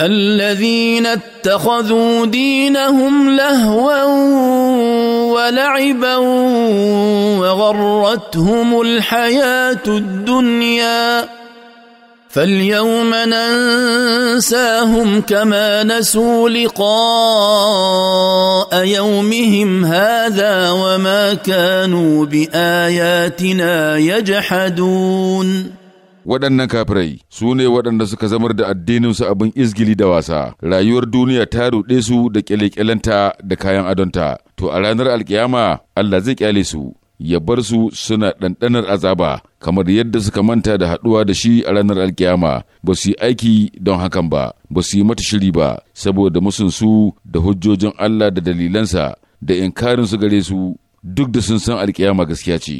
الذين اتخذوا دينهم لهوا ولعبا وغرتهم الحياه الدنيا فاليوم ننساهم كما نسوا لقاء يومهم هذا وما كانوا باياتنا يجحدون waɗannan kafirai su ne waɗanda suka zamar da addininsu abin izgili da wasa rayuwar duniya ta ruɗe su da kyale ƙyalenta da kayan adonta to a ranar alkiyama Allah zai ƙyale su ya bar su suna ɗanɗanar azaba kamar yadda suka manta da haɗuwa da shi a ranar alkiyama ba su yi aiki don hakan ba ba su yi mata shiri ba saboda su da hujjojin Allah da dalilansa da inkarinsu gare su duk da sun san alkiyama gaskiya ce